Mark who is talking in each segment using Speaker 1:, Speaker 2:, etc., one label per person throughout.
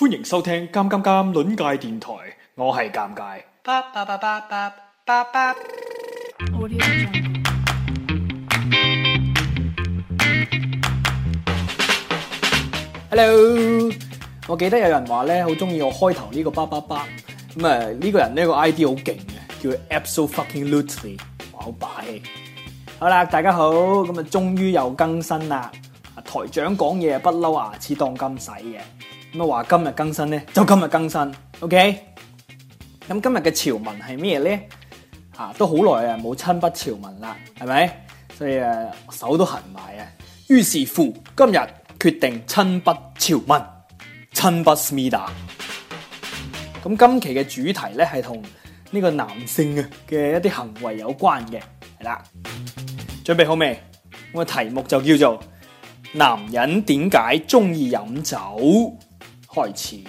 Speaker 1: 歡迎收聽《尷尷尷》尷尬電台，我係尷尬。
Speaker 2: 巴巴巴巴巴巴
Speaker 1: ，Hello！我記得有人話咧，好中意我開頭呢個巴巴巴咁啊！呢個人呢個 ID 好勁嘅，叫 Absofuckinglutely，哇，好霸氣。好啦，大家好，咁啊，終於又更新啦！台長講嘢啊，不嬲牙齒當金使嘅。咁，話，今日更新呢？就今日更新，okay？咁，今日嘅潮文係咩嘢呢？啊，都好耐呀，冇親筆潮文啦，係咪？所以，手都痕埋呀。於是乎，今日決定親筆潮開始喂。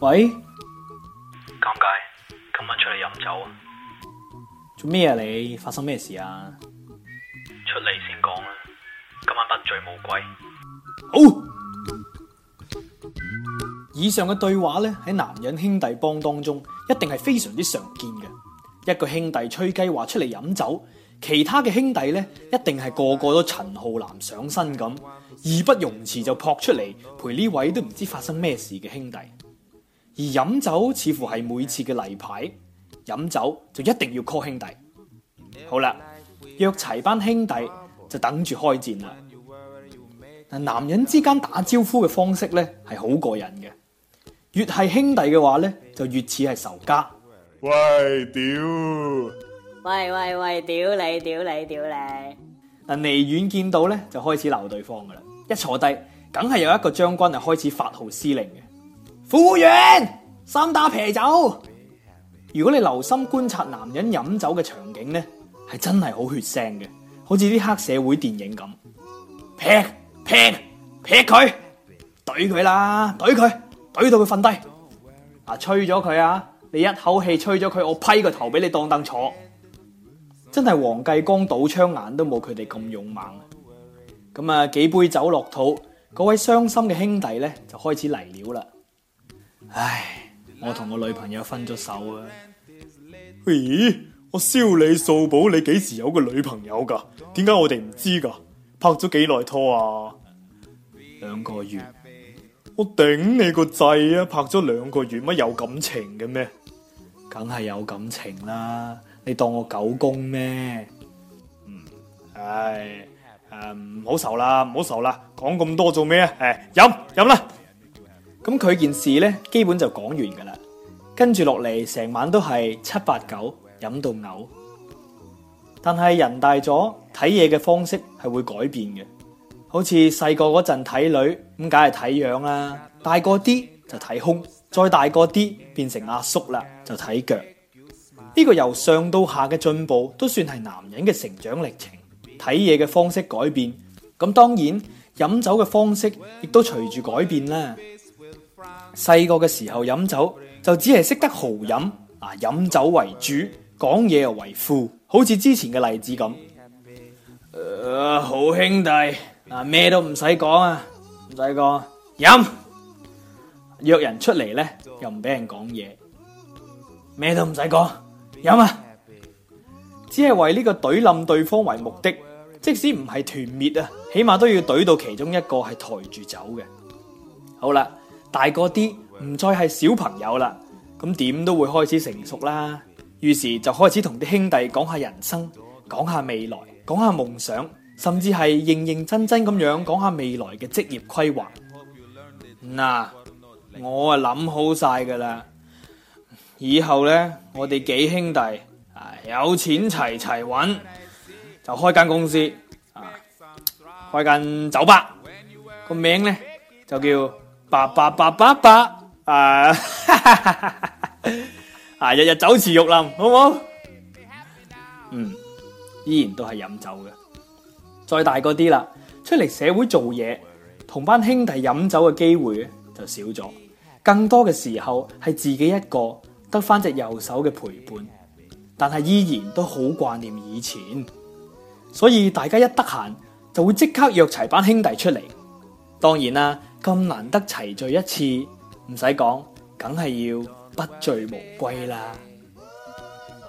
Speaker 1: 喂喂，咁解？今晚出嚟飲酒啊？做咩啊你？發生咩事啊？出嚟先講啊！今晚不醉無歸。好。以上嘅對話咧，喺男人兄弟幫當中一定係非常之常見嘅。一個兄弟吹雞，話出嚟飲酒，其他嘅兄弟咧一定係個個都陳浩南上身咁，義不容辭就撲出嚟陪呢位都唔知發生咩事嘅兄弟。而飲酒似乎係每次嘅例牌，飲酒就一定要 call 兄弟。好啦，約齊班兄弟就等住開戰啦。嗱，男人之間打招呼嘅方式咧係好過癮嘅，越係兄弟嘅話咧就越似係仇家。喂屌！喂喂喂屌你屌你屌你！但離遠見到咧，就開始鬧對方噶啦。一坐低，梗係有一個將軍就開始發號施令嘅。服務員，三打啤酒。如果你留心觀察男人飲酒嘅場景咧，係真係好血腥嘅，好似啲黑社會電影咁。劈劈劈佢，懟佢啦，懟佢，懟到佢瞓低。啊，吹咗佢啊！你一口氣吹咗佢，我批個頭俾你當凳坐。真係黃繼光堵槍眼都冇佢哋咁勇猛。咁啊，幾杯酒落肚，嗰位傷心嘅兄弟咧就開始嚟料啦。唉，我同我女朋友分咗手啊。咦、欸？我燒你數保，你幾時有個女朋友噶？點解我哋唔知噶？拍咗幾耐拖啊？兩個月。我頂你個掣啊！拍咗兩個月乜有感情嘅咩？梗係有感情啦，你當我狗公咩？嗯，唉，誒，唔好愁啦，唔好愁啦，講咁多做咩？誒，飲飲啦。咁佢件事咧，基本就講完噶啦。跟住落嚟，成晚都係七八九，飲到嘔。但係人大咗，睇嘢嘅方式係會改變嘅。好似細個嗰陣睇女，咁梗係睇樣啦。大個啲就睇胸。再大個啲，變成阿叔啦，就睇腳。呢、這個由上到下嘅進步，都算係男人嘅成長歷程。睇嘢嘅方式改變，咁當然飲酒嘅方式亦都隨住改變啦。細個嘅時候飲酒，就只係識得豪飲啊，飲酒為主，講嘢又為副，好似之前嘅例子咁，呃。好兄弟，啊咩都唔使講啊，唔使講，飲。約人出嚟咧，又唔俾人講嘢，咩都唔使講，飲啊，只係為呢個懟冧對方為目的。即使唔係團滅啊，起碼都要懟到其中一個係抬住走嘅。好啦，大個啲，唔再係小朋友啦，咁點都會開始成熟啦。於是就開始同啲兄弟講下人生，講下未來，講下夢想，甚至係認認真真咁樣講下未來嘅職業規劃嗱。我啊諗好晒噶啦，以後咧我哋幾兄弟啊有錢齊齊揾，就開間公司啊，開間酒吧個名咧就叫八八八八八啊，啊日日酒池肉林好唔好？嗯，依然都係飲酒嘅。再大個啲啦，出嚟社會做嘢，同班兄弟飲酒嘅機會就少咗。更多嘅時候係自己一個，得返隻右手嘅陪伴，但係依然都好掛念以前，所以大家一得閒就會即刻約齊班兄弟出嚟。當然啦、啊，咁難得齊聚一次，唔使講，梗係要不醉無歸啦。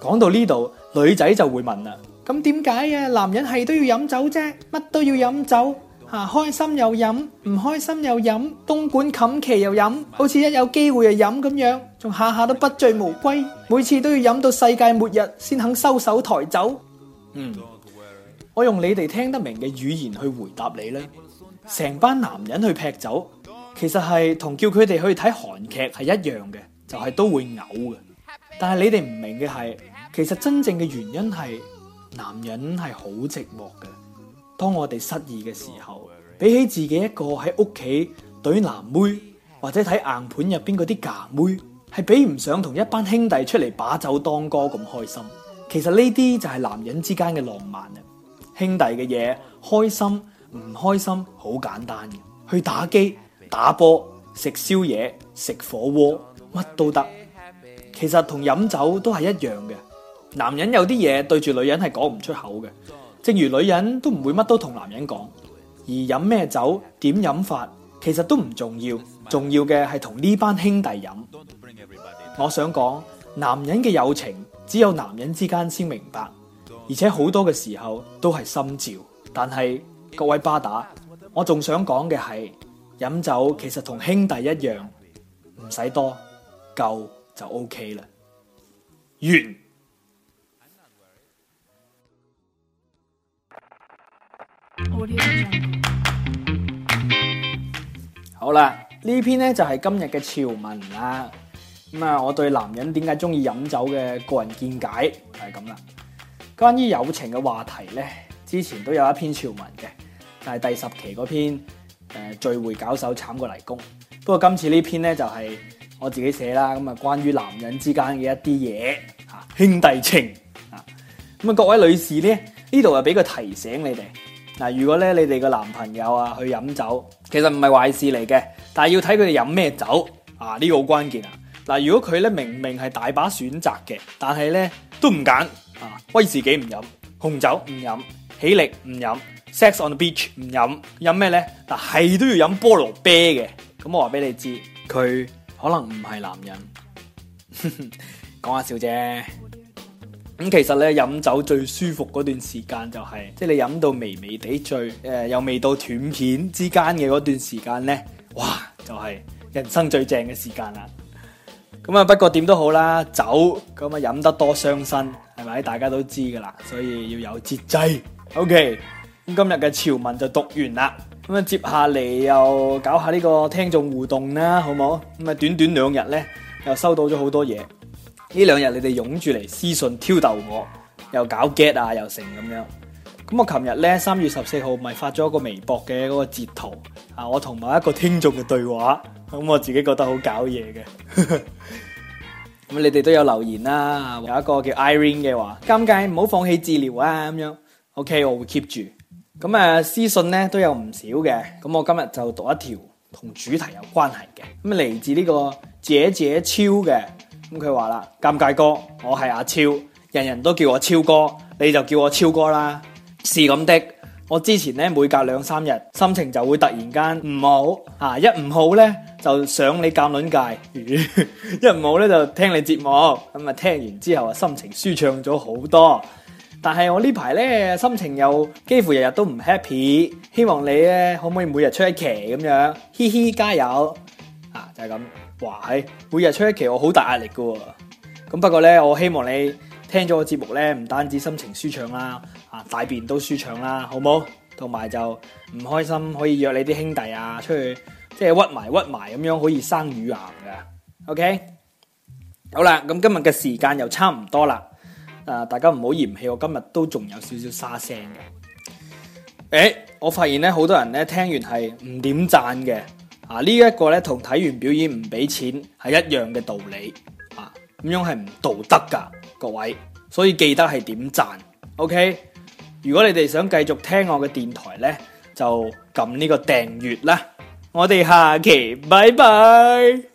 Speaker 1: 講到呢度，女仔就會問啦：咁點解啊？男人係都要飲酒啫，乜都要飲酒。吓、啊、開心又飲，唔開心又飲，東莞冚旗又飲，好似一有機會就飲咁樣，仲下下都不醉無歸，每次都要飲到世界末日先肯收手抬走。嗯，我用你哋聽得明嘅語言去回答你呢：成班男人去劈酒，其實係同叫佢哋去睇韓劇係一樣嘅，就係、是、都會嘔嘅。但係你哋唔明嘅係，其實真正嘅原因係男人係好寂寞嘅。當我哋失意嘅時候，比起自己一個喺屋企懟男妹，或者睇硬盤入邊嗰啲㗎妹，係比唔上同一班兄弟出嚟把酒當歌咁開心。其實呢啲就係男人之間嘅浪漫啊！兄弟嘅嘢，開心唔開心好簡單嘅，去打機、打波、食宵夜、食火鍋，乜都得。其實同飲酒都係一樣嘅。男人有啲嘢對住女人係講唔出口嘅。正如女人都唔會乜都同男人講，而飲咩酒、點飲法其實都唔重要，重要嘅係同呢班兄弟飲。我想講，男人嘅友情只有男人之間先明白，而且好多嘅時候都係心照。但係各位巴打，我仲想講嘅係，飲酒其實同兄弟一樣，唔使多，夠就 OK 啦。完。好啦，呢篇咧，就係今日嘅潮文啦。咁啊，我對男人點解中意飲酒嘅個人見解係咁啦。關於友情嘅話題咧，之前都有一篇潮文嘅，就係第十期嗰篇誒聚會搞手慘過泥工。不過今次呢篇咧就係我自己寫啦。咁啊，關於男人之間嘅一啲嘢，吓兄弟情啊，咁啊，各位女士咧，呢度又，俾個提醒你哋。嗱，如果咧你哋個男朋友啊去飲酒，其實唔係壞事嚟嘅，但係要睇佢哋飲咩酒啊，呢、呢個好關鍵啊！嗱，如果佢咧明明係大把選擇嘅，但係咧都唔揀啊，威士忌唔飲，紅酒唔飲，喜力唔飲 Sex on the Beach 唔飲，飲咩咧？但、啊、係都要飲菠蘿啤嘅，咁我話俾你知，佢可能唔係男人，講下笑啫。咁其實咧，飲酒最舒服嗰段時間就係，即係你飲到微微地醉，誒，又未到斷片之間嘅嗰段時間咧，哇，就係人生最正嘅時間啦。咁啊，不過點都好啦，酒咁啊飲得多傷身，係咪？大家都知噶啦，所以要有節制。OK，咁今日嘅潮文就讀完啦。咁啊，接下嚟又搞下呢個聽眾互動啦，好冇？咁啊，短短兩日咧，又收到咗好多嘢。呢兩日你哋擁住嚟私信挑逗我，又搞 get 啊，又成咁樣。咁我琴日咧，三月十四號咪發咗一個微博嘅嗰個截圖啊，我同某一個聽眾嘅對話，咁我自己覺得好搞嘢嘅。咁 你哋都有留言啦，啊，有一個叫 Irene 嘅話尷尬唔好放棄治療啊，咁樣。OK，我會 keep 住。咁誒，私信咧都有唔少嘅，咁我今日就讀一條同主題有關係嘅，咁嚟自呢個姐姐超嘅。咁佢話啦，尷尬哥，我係阿超，人人都叫我超哥，你就叫我超哥啦，是咁的。我之前咧每隔兩三日，心情就會突然間唔好，一唔好咧就上你鑑論界，一唔好咧就聽你節目，咁啊聽完之後啊心情舒暢咗好多。但係我呢排咧心情又幾乎日日都唔 happy，希望你咧可唔可以每日出一期咁樣，嘻嘻加油，啊就係咁。哇！喺每日出一期我好大壓力噶咁不過咧，我希望你聽咗個節目咧，唔單止心情舒暢啦，啊大便都舒暢啦，好冇？同埋就唔開心可以約你啲兄弟啊出去，即係屈埋屈埋咁樣可以生乳癌噶。OK，好啦，咁今日嘅時間又差唔多啦，誒大家唔好嫌棄我今日都仲有少少沙聲嘅。誒、欸、我發現咧，好多人咧聽完係唔點讚嘅。啊！這個、呢一個咧同睇完表演唔俾錢係一樣嘅道理，啊咁樣係唔道德噶，各位，所以記得係點讚，OK？如果你哋想繼續聽我嘅電台咧，就撳呢個訂閱啦，我哋下期拜拜。